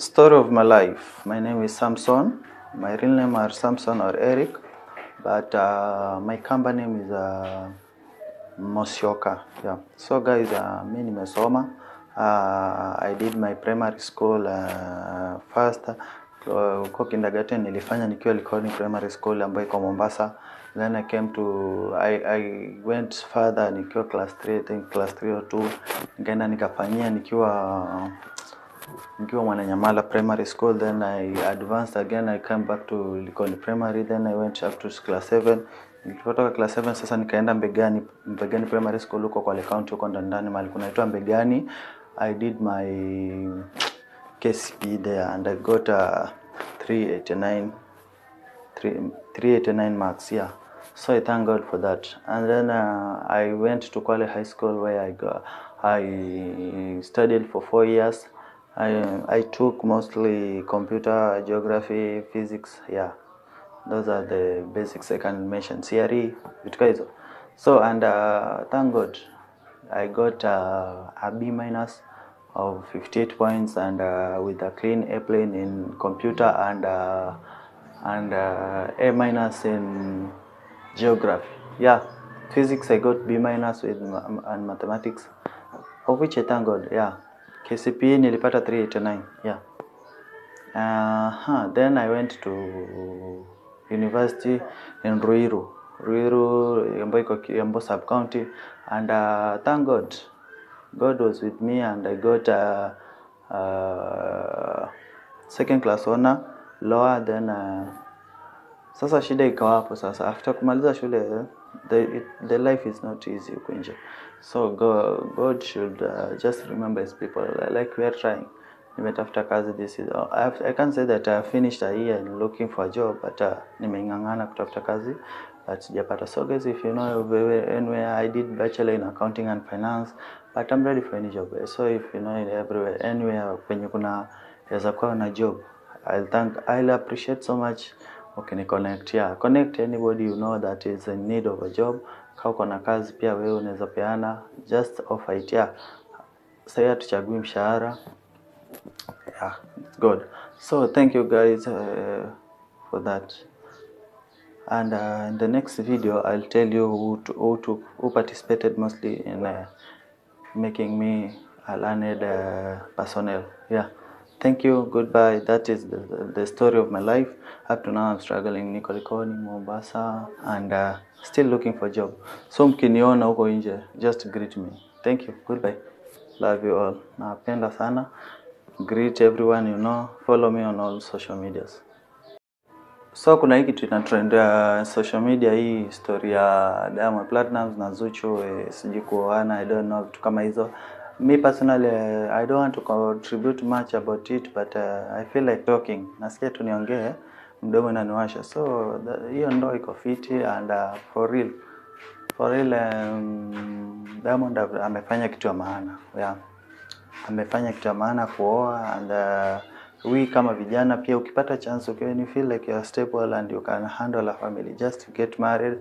Story of my life. My name is Samson. My real name are Samson or Eric, but uh, my company name is uh, Mosioka. Yeah. So guys, uh, mimi nimesoma. Uh, I did my primary school uh, first huko uh, kindergarten nilifanya nikiwa Likoni Primary School ambayo iko Mombasa. Then I came to I, I went further nikiwa class 3, I think class 3 or 2 nikaenda nikafanyia nikiwa nikiwa Mwananyamala Primary School. Then I advanced again, I came back to Likoni Primary, then I went up to class 7. Nilipotoka class 7 sasa nikaenda Mbegani, Mbegani Primary School huko kwa County, huko ndani mahali kunaitwa Mbegani. I did my KCPE there and I got a 389 389 marks yeah so I thank God for that. And then uh, I went to Kwale High School where I go, I studied for four years. I, uh, I took mostly computer, geography, physics, yeah. Those are the basics I can mention, CRE, vitu So, and uh, thank God, I got uh, a B minus of 58 points and uh, with a clean airplane in computer and uh, and uh, A minus in geography. Yeah, physics I got B minus with and mathematics, of which I thank God. Yeah. KCPE nilipata 389 yeah. Uh, huh. Then I went to university in Ruiru Ruiru ambayo iko sub county and uh, thank God God was with me and I got a, uh, second class honor lower then uh, sasa shida ikawapo sasa after kumaliza shule the, it, the life is not easy huko nje so God, should uh, just remember his people like we are trying nimetafuta kazi this is, uh, I, have, can't say that I finished a uh, year and looking for a job but uh, nimeng'ang'ana kutafuta kazi but sijapata so guys if you know anywhere I did bachelor in accounting and finance but I'm ready for any job so if you know everywhere anywhere kwenye kuna weza kuwa na job I'll thank I'll appreciate so much okay, connect yeah connect anybody you know that is in need of a job kama uko na kazi pia wewe unaweza peana just offer it yeah. Sasa hatuchagui mshahara yeah, it's good. So thank you guys uh, for that and uh, in the next video I'll tell you who to, who, to, who participated mostly in uh, making me a learned uh, personnel yeah Thank you, goodbye. That is the, the story of my life. Up to now I'm struggling niko Likoni, Mombasa and uh, still looking for job. So mkiniona huko nje, just greet me. Thank you, goodbye. Love you all. Napenda sana. Greet everyone you know. Follow me on all social medias. So kuna hii kitu ina trend ya uh, social media, hii story ya Diamond Platnumz na Zuchu, eh, sijui kuoana, I don't know, vitu kama hizo. Me personally, uh, I don't want to contribute much about it but uh, I feel like talking. Nasikia tu niongee mdomo inaniwasha. So hiyo ndo iko fiti and uh, for real. For real um, Diamond amefanya kitu ya maana. Yeah. Amefanya kitu ya maana kuoa and uh, we kama vijana pia ukipata chance ukiwa okay, you feel like you are stable and you can handle a family just get married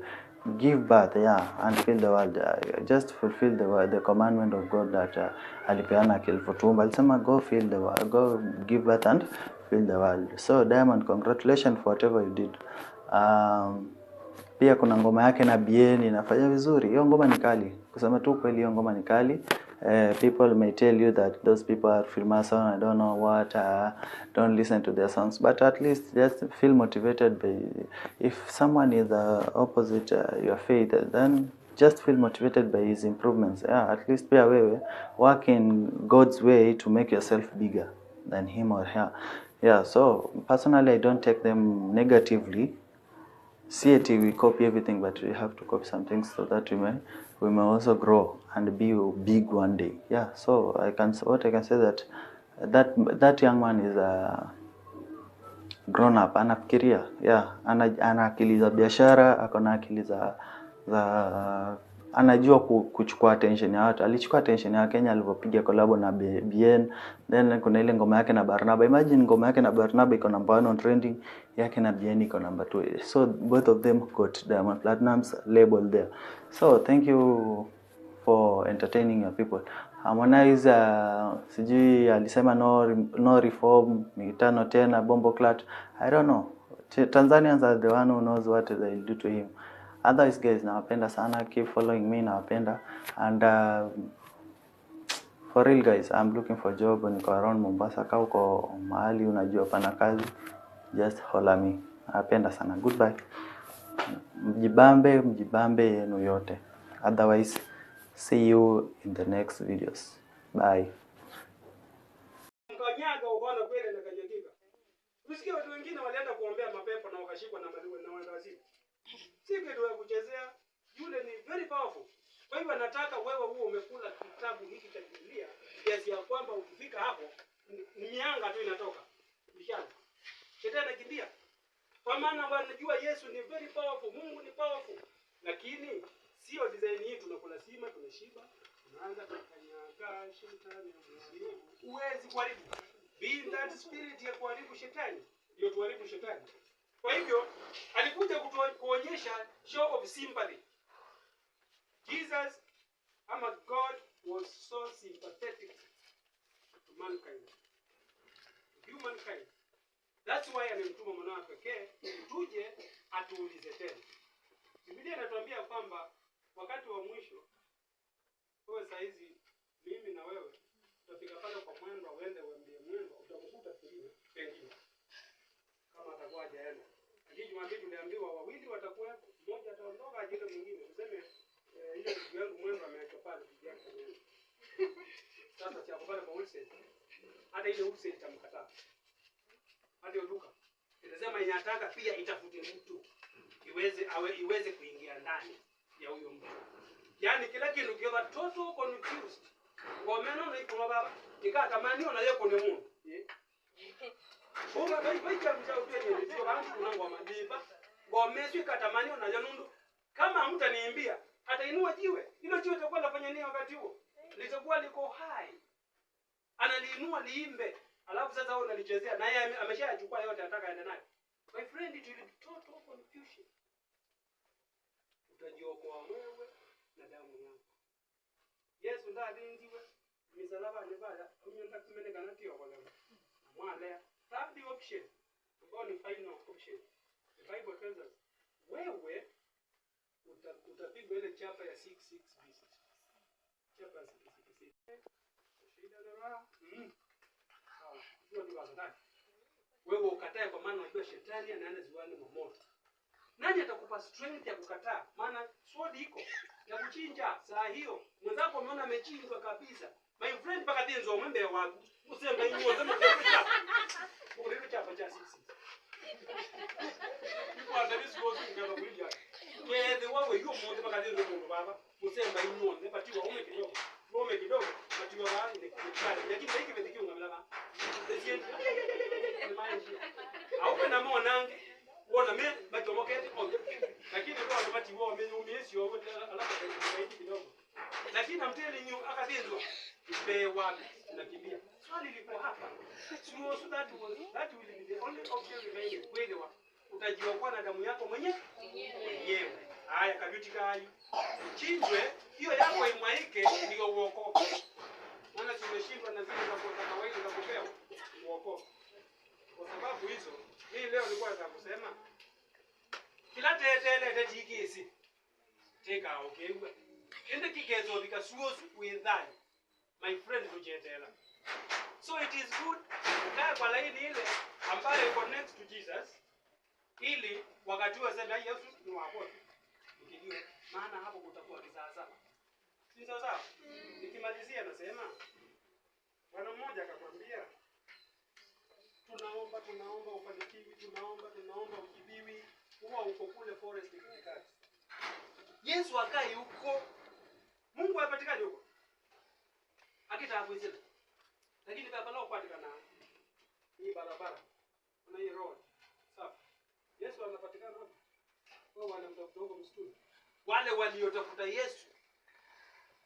give birth yeah, and fill the world uh, just fulfill the, the commandment of God that uh, alipeana kilfutumba alisema go fill the world, go give birth and fill the world. So Diamond, congratulations for whatever you did. Um, pia kuna ngoma yake na Bien inafanya vizuri. Hiyo ngoma ni kali, kusema tu kweli, hiyo ngoma ni kali. Uh, people may tell you that those people are Freemason, I don't know what, uh, don't listen to their songs. But at least just feel motivated. By, if someone is the opposite uh, your faith, then just feel motivated by his improvements. Yeah, at least be aware, work in God's way to make yourself bigger than him or her. Yeah, so personally I don't take them negatively. CAT, we copy everything, but we have to copy some things so that we may we may also grow and be big one day. Yeah, so I can what I can say that that that young man is a grown up, anafikiria yeah, ana, akili za biashara, ako akili za za anajua kuchukua attention ya watu. Alichukua attention ya Kenya alipopiga collab na BN, then kuna ile ngoma yake na Barnaba. Imagine ngoma yake na Barnaba iko number 1 on trending, yake na BN iko number 2. So both of them got Diamond Platnumz label there. So thank you for entertaining your people. Harmonize uh, sijui alisema no, no reform mikutano tena bombo clat. I don't know. Tanzanians are the one who knows what they'll do to him otherwise guys nawapenda sana keep following me nawapenda and uh, for real guys I'm looking for job niko around Mombasa ka uko mahali unajua pana kazi just holla me napenda sana goodbye mjibambe mjibambe yenu yote otherwise see you in the next videos bye Usikia watu wengine walienda kuombea mapepo na wakashikwa na madawa na wazazi si kitu ya kuchezea. Yule ni very powerful. Kwa hivyo nataka wewe huo umekula kitabu hiki cha Biblia kiasi ya kwamba ukifika hapo ni mianga tu inatoka mishana, shetani anakimbia, kwa maana wanajua Yesu ni very powerful, Mungu ni powerful, lakini sio design hii. Tunakula sima, tunashiba, tunaanza kukanyaga shetani. Uwezi kuharibu, be that spirit ya kuharibu shetani ndio tuharibu shetani. Kwa hivyo amekuja kuonyesha show of sympathy. Jesus ama God was so sympathetic to mankind. Humankind. That's why amemtuma mwanawe pekee tuje atuulize tena. Biblia inatuambia kwamba wakati wa mwisho wewe saa hizi mimi na wewe tutafika pale kwa mwendo uende nataka pia itafute mtu iweze awe, iweze kuingia ndani ya huyo mtu, yaani kila kintu kiva total confused Kwa maana ni kwa baba tamani tikatamanio nayo mjao pia ni ndio vantu kuna ngoma diba ngomeso ikatamanio nayo nundu kama hamtaniimbia hata inua jiwe hilo jiwe litakuwa nafanya nini wakati huo litakuwa liko hai analiinua liimbe alafu sasa unalichezea yeye ameshachukua yote anataka aende naye. My friend, tuli total confusion. Utajiokoa wewe na damu yako. Yesu ndathinziwe misalaba nä baya kumyenda kumenekana tio third option ambao ni final option the bible tells us wewe utapigwa ile chapa ya 66 beast chapa ya 66 shida na raha mm sawa ah, hiyo ni wewe ukatae, kwa maana unajua shetani anaenda ziwani mwa moto. Nani atakupa strength ya kukataa? Maana sword iko ya kuchinja saa hiyo. Mwenzako umeona amechinjwa kabisa, my friend, mpaka tenzo mwembe wa usembe hiyo, sema kwa kurudi chapa cha sisi kwa ndani sio kingaba kuja yeye wewe hiyo mmoja mpaka tenzo mungu baba useme hiyo, ndipo tiwa ume kidogo ume kidogo, matiwa bali ni kukali, lakini hiki vitikio ngamela ba manje aube na monange wona me batomokete oge lakini kwa ndo bati wao menyumie sio wao alaka kaidi kidogo lakini namtele nyu akasinzwa be wapi nakimbia swali liko hapa sio so that was that will be the only option remaining kweli wa utajiwa kwa na damu yako mwenyewe mwenyewe haya kabyuti kali uchinjwe hiyo yako imwaike ndio uokoke maana tumeshindwa na zile za kawaida za kupewa uokoke kwa sababu hizo, mimi leo nilikuwa nataka kusema kila tetele tetikisi teka okebwa ende kigezo vikasuozi uindhani my friend kujetela so it is good kukaa kwa laini ile ambayo iko next to Jesus ili wakati wa sema Yesu ni wako ndio maana hapo kutakuwa kisawasawa si sawa sawa mm. nikimalizia nasema bwana mmoja akakwambia tunaomba tunaomba, ufanikiwi, tunaomba tunaomba, ujibiwi. Huwa uko kule forest kwenye kazi. Yesu akai huko, Mungu apatikani huko akitakwizila, lakini babala upatikana hii barabara na hii road safi. Yesu anapatikana hapo kwa wale mtafuta huko msituni, wale waliotafuta Yesu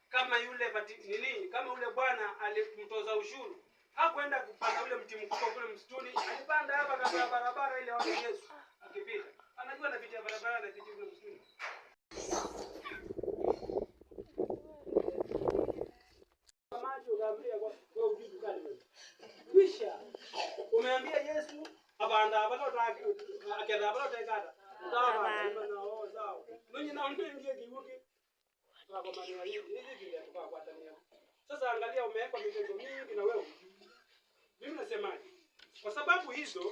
kama yule nini, kama yule bwana alimtoza ushuru hakwenda kupanda ule mti mkubwa kule kuna barabara ile wapi Yesu ukipita. Anajua anapita barabara na kitu mzuri. Macho kaambia kwa ujibu kali. Kisha umeambia Yesu abanda abana utaka akenda abana utakata. Sawa na wao sawa. Ninyi na ndio ndio kibuki. Kwa kwa maneno hizi hizi vile kwa kwa Tanzania. Sasa angalia umewekwa mijengo mingi na wewe. Mimi nasemaje? Kwa sababu hizo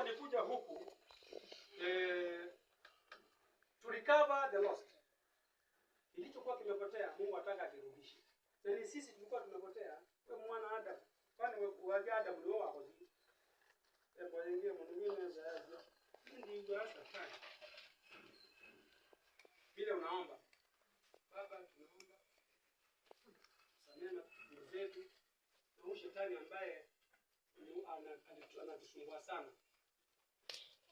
wakati walikuja huku eh, to recover the lost, kilichokuwa kimepotea Mungu ataka kirudishe. Yaani sisi tulikuwa tumepotea, wewe mwana Adam, kwani wewe Adam ni wewe wako hivi? E, eh, kwa yeye mwingine zaidi. Ndio ndio hasa sana. Bila unaomba. Baba tunaomba. Samea na zetu. Na shetani ambaye anatusumbua sana.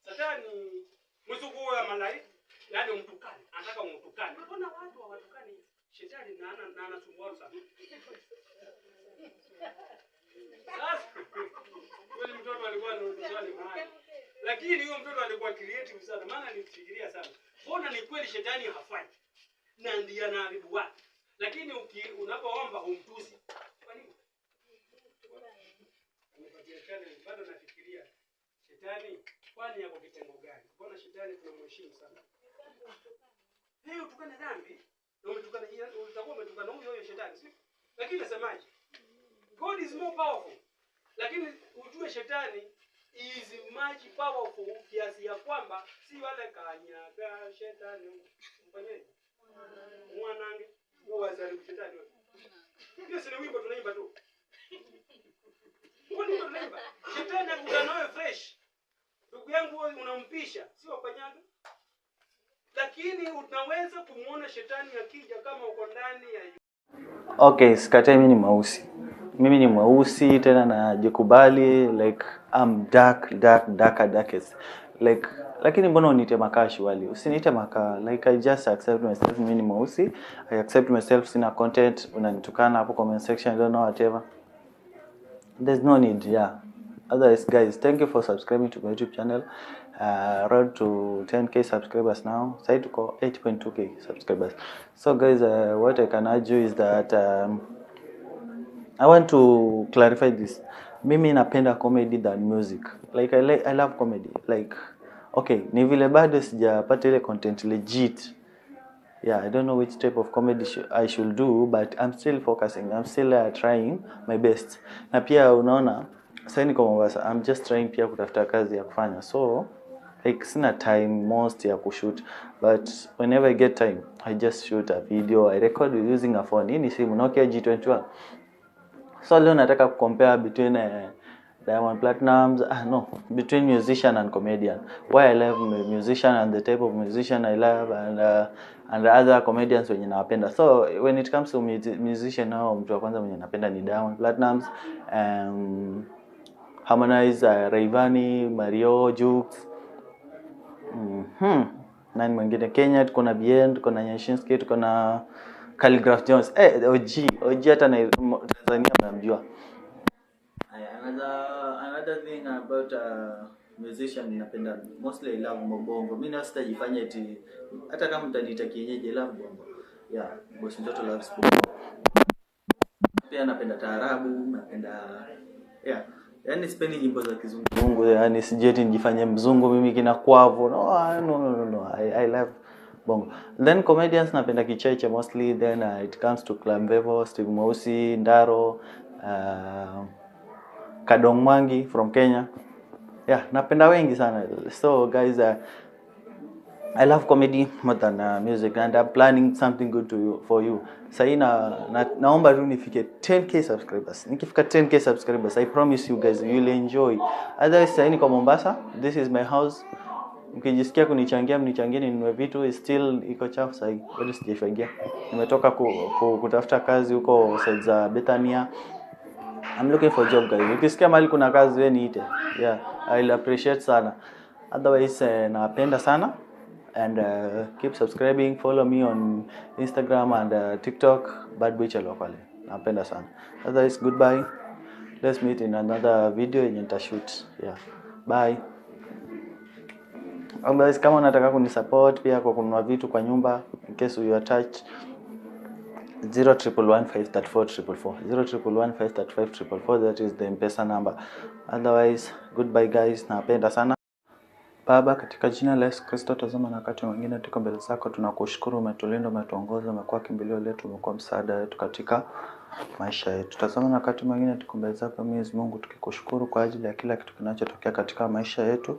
Sasa ni mzugu wa malaika, yani umtukane, anataka umtukane. Mbona watu hawatukani shetani na ana na anasumbua sana. Sasa yule mtoto alikuwa na anarudishani mahali. Lakini huyo mtoto alikuwa creative sana, maana alifikiria sana. Mbona ni kweli shetani hafai? Na ndiye anaharibu watu. Lakini uki unapoomba umtusi. Kwa nini? Bado nafikiria shetani kwani yako kitengo gani? Mbona shetani tunamheshimu sana? Hey, utukane dhambi na umetukana, utakuwa umetukana huyo huyo shetani, si lakini nasemaje? God is more powerful, lakini ujue shetani is much powerful kiasi ya kwamba si wale kanyaga shetani mfanyeje mwanange wazali shetani. Hiyo sio wimbo tunaimba tu ndugu yangu unampisha, sio wafanyaga, lakini unaweza kumwona shetani akija kama uko ndani ya Okay, sikatai mimi ni mweusi. Mimi ni mweusi tena najikubali like I'm dark dark darker darkest. Like lakini mbona uniite makaa shwali? Usiniite makaa. Like I just accept myself mimi ni mweusi. I accept myself sina content unanitukana hapo comment section I don't know whatever. There's no need, yeah. Otherwise, guys, thank you for subscribing to my YouTube channel. Uh, road to 10k subscribers now. say to call 8.2k subscribers. So, guys, uh, what I can urge you is that um, I want to clarify this. Mimi napenda comedy than music. Like I, like, I love comedy. Like, okay, ni vile bado sijapata ile content legit yeah i don't know which type of comedy sh i should do but i'm still focusing i'm still uh, trying my best na pia unaona sasa niko Mombasa, I'm just trying pia kutafuta kazi ya kufanya so like sina time most ya kushoot but whenever I get time I just shoot a video I record with using a phone. Hii ni simu Nokia G21. So leo nataka kucompare between uh, Diamond Platnumz ah, no between musician and comedian why I love musician and the type of musician I love and uh, and other comedians wenye nawapenda so when it comes to musician nao mtu wa kwanza mwenye napenda ni Diamond Platnumz um, Harmonize, uh, Raivani, Mario, Jux. Mm -hmm. Nani mwingine Kenya? Tuko na Bien, tuko na Nyashinski, tuko na Calligraph Jones. Eh, OG, OG hata na Tanzania mnamjua. Another another thing about uh, musician ninapenda mostly I love bongo. Mimi na sitajifanya eti hata kama mtaniita kienyeji love bongo. Yeah, boss mtoto loves bongo. Pia napenda taarabu, napenda yeah yani sipendi nyimbo za kizungu yani sijeti nijifanye mzungu mimi kwavo no, no, no, no, no. I, I love bongo then comedians napenda kicheche mostly then uh, it comes to clambevo steve mausi ndaro uh, kadong mwangi from kenya yeah napenda wengi sana so guys uh, I love comedy more than uh, music and I'm planning something good to you, for you. Sahi na, na, naomba tu nifike 10k subscribers. Nikifika 10k subscribers, I promise you guys you will enjoy. Otherwise sahi niko Mombasa. This is my house. Mkijisikia kunichangia mnichangie ninunue vitu still iko chafu sahi. Bado sijafagia. Nimetoka ku, ku, kutafuta kazi huko side za Bethania. I'm looking for job guys. Ukisikia mahali kuna kazi wewe niite. Yeah, I'll appreciate sana. Otherwise eh, napenda sana and uh, keep subscribing follow me on instagram and uh, tiktok bad boy chalopale napenda sana otherwise goodbye let's meet in another video yenye nitashoot yeah bye otherwise kama unataka kunisupport pia kwa kununua vitu kwa nyumba in case you attach 0115 are touched 0115344 that is the mpesa number otherwise goodbye guys napenda sana Baba, katika jina la Yesu Kristo, tazama na wakati mwingine tuko mbele zako, tunakushukuru, umetulinda, umetuongoza, umekuwa kimbilio letu, umekuwa msaada wetu katika maisha yetu. Tazama na wakati mwingine tuko mbele zako, Mwenyezi Mungu, tukikushukuru kwa ajili ya kila kitu kinachotokea katika maisha yetu.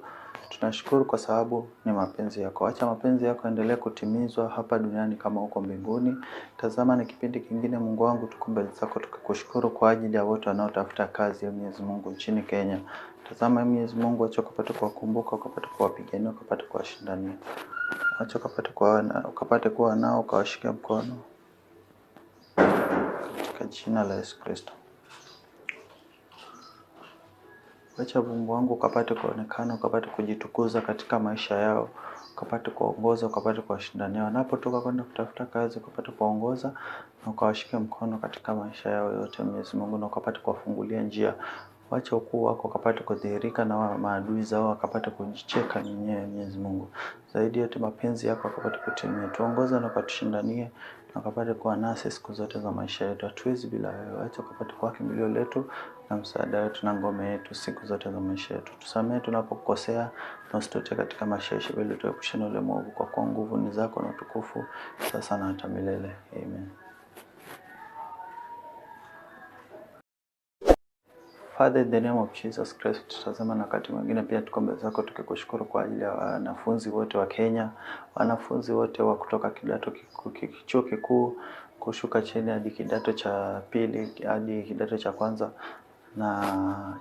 Tunashukuru kwa sababu ni mapenzi yako. Acha mapenzi yako endelee kutimizwa hapa duniani kama huko mbinguni. Tazama ni kipindi kingine, Mungu wangu, tuko mbele zako tukikushukuru kwa ajili ya wote wanaotafuta kazi, Mwenyezi Mungu, nchini Kenya. Tazama Mwenyezi Mungu, acha ukapate kuwakumbuka, ukapate kuwapigania, ukapate kuwashindania, acha ukapate kuwa nao, ukawashika mkono, katika jina la Yesu Kristo. Acha Mungu wangu ukapate kuonekana, ukapate kujitukuza katika maisha yao, ukapate kuongoza, ukapate kuwashindania, wanapotoka kwenda kutafuta kazi, ukapate kuongoza na ukawashike mkono katika maisha yao yote, Mwenyezi Mungu, na ukapate kuwafungulia njia, wacha ukuu wako wakapate kudhihirika na wa maadui zao wakapata kujicheka nyenyewe Mwenyezi Mungu. Zaidi yote mapenzi yako akapata kutimia. Tuongoze na katushindanie na ukapate kuwa nasi siku zote za maisha yetu. Hatuwezi bila wewe. Acha ukapate kuwa kimbilio letu na msaada wetu na ngome yetu siku zote za maisha yetu. Tusamehe tunapokosea na usitutie katika maisha yetu, tuepushe na ule mwovu, kwa kuwa nguvu ni zako na utukufu sasa na hata milele. Amen. Father, in the name of Jesus Christ, tutazama na wakati mwingine pia tuko mbele zako tukikushukuru kwa ajili ya wanafunzi wote wa Kenya, wanafunzi wote wa kutoka kidato chuo kikuu kushuka chini hadi kidato cha pili hadi kidato cha kwanza na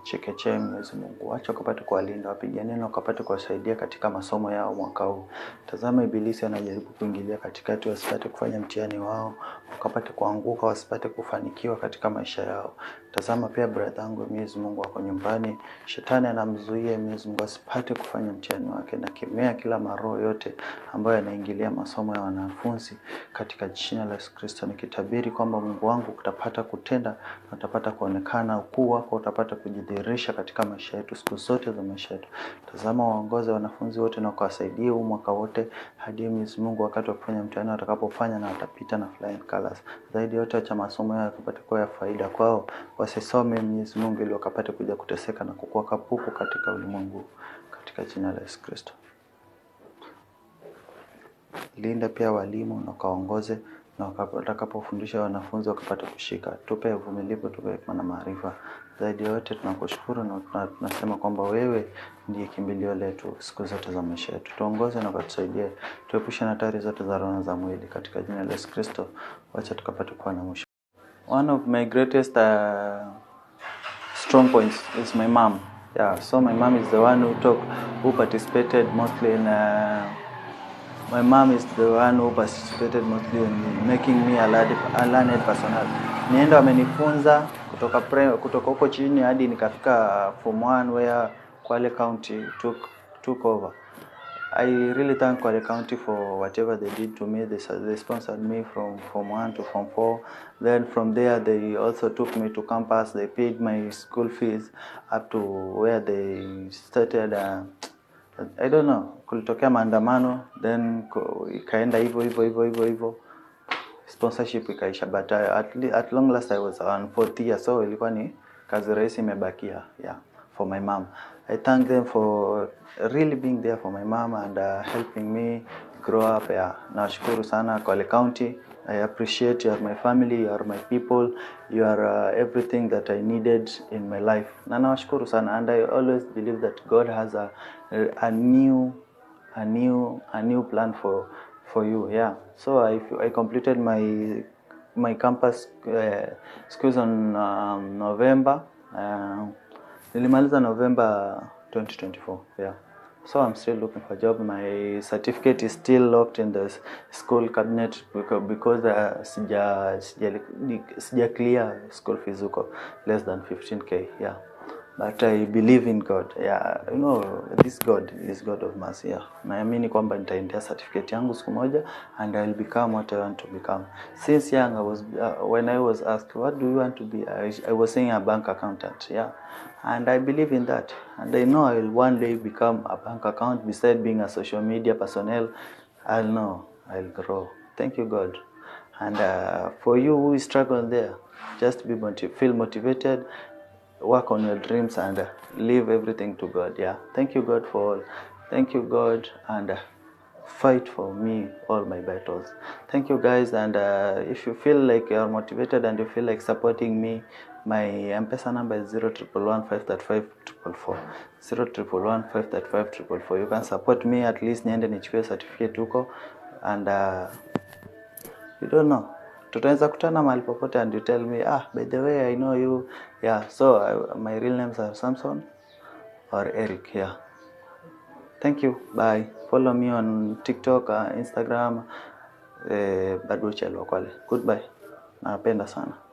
chekechee Mwenyezi Mungu, wacha ukapate kuwalinda, wapiganie na ukapate kuwasaidia katika masomo yao mwaka huu. Tazama, Ibilisi anajaribu kuingilia katikati, wasipate kufanya mtihani wao, wakapate kuanguka, wasipate kufanikiwa katika maisha yao. Tazama pia brada yangu, Mwenyezi Mungu ako nyumbani, shetani anamzuia Mwenyezi Mungu asipate kufanya mtihani wake, na kimea kila maroho yote ambayo yanaingilia masomo ya wanafunzi katika jina la Yesu Kristo, nikitabiri kwamba Mungu wangu utapata kutenda na utapata kuonekana, ukuu wako utapata kujidhihirisha katika maisha yetu siku zote za maisha yetu. Tazama waongoze wanafunzi wote na kuwasaidia huu mwaka wote hadi Mwenyezi Mungu wakati wa kufanya mtihani watakapofanya na watapita na flying colors darasa. Zaidi yote, acha masomo yao yakapate kuwa ya faida kwao, wasisome Mwenyezi Mungu ili wakapate kuja kuteseka na kukua kapuku katika ulimwengu, katika jina la Yesu Kristo. Linda pia walimu na kaongoze na watakapofundisha wanafunzi wakapata kushika. Tupe uvumilivu, tupe na maarifa. Zaidi ya yote tunakushukuru na tunasema kwamba wewe ndiye kimbilio letu siku zote za maisha yetu. Tuongoze na kutusaidia, tuepushe na hatari zote za roho za mwili, katika jina la Yesu Kristo, wacha tukapate kuwa na mwisho. One of my greatest uh, strong points is my mom. Yeah, so my mom is the one who took, who participated mostly in uh, my mom is the one who participated mostly in making me a learned, a learned personality nienda amenifunza kutoka pre, kutoka huko chini hadi nikafika form 1 where Kwale County took took over. I really thank Kwale County for whatever they did to me. They, they sponsored me from form 1 to form 4. Then from there they also took me to campus. They paid my school fees up to where they started uh, I don't know, kulitokea maandamano then ikaenda hivyo hivyo hivyo hivyo hivyo sponsorship ikaisha, but uh, at, at long last I was on fourth year, so ilikuwa ni kazi rahisi imebakia, yeah, for my mom. I thank them for really being there for my mom and uh, helping me grow up. Yeah. Nawashukuru sana Kwale County. I appreciate you are my family, you are my people, you are uh, everything that I needed in my life. Na nawashukuru sana and I always believe that God has a, a new a new a new plan for for you yeah so i, I completed my my campus uh, schools on um, november uh, nilimaliza november 2024 yeah so i'm still looking for a job my certificate is still locked in the school cabinet because uh, sija sija sija clear school fees less than 15k yeah but I believe in God. Yeah, you know, this God is God of mercy. Yeah. Naamini kwamba nitaendea certificate yangu siku moja and I'll become what I want to become. Since young I was uh, when I was asked what do you want to be? I, I was saying a bank accountant. Yeah. And I believe in that. And I know I'll one day become a bank account beside being a social media personnel. I'll know. I'll grow. Thank you God. And uh, for you who struggle there, just be motiv feel motivated work on your dreams and uh, leave everything to God. Yeah. Thank you, God, for all. Thank you, God, and uh, fight for me all my battles. Thank you, guys. And uh, if you feel like you're motivated and you feel like supporting me, my M-Pesa number is 0111535444. You can support me at least niende nichukue certificate huko and uh, you don't know tutaweza kutana mahali popote and you tell me ah, by the way I know you yeah so I, uh, my real names are Samson or Eric yeah thank you bye follow me on TikTok uh, Instagram eh, uh, Baduchel Wakwale goodbye napenda sana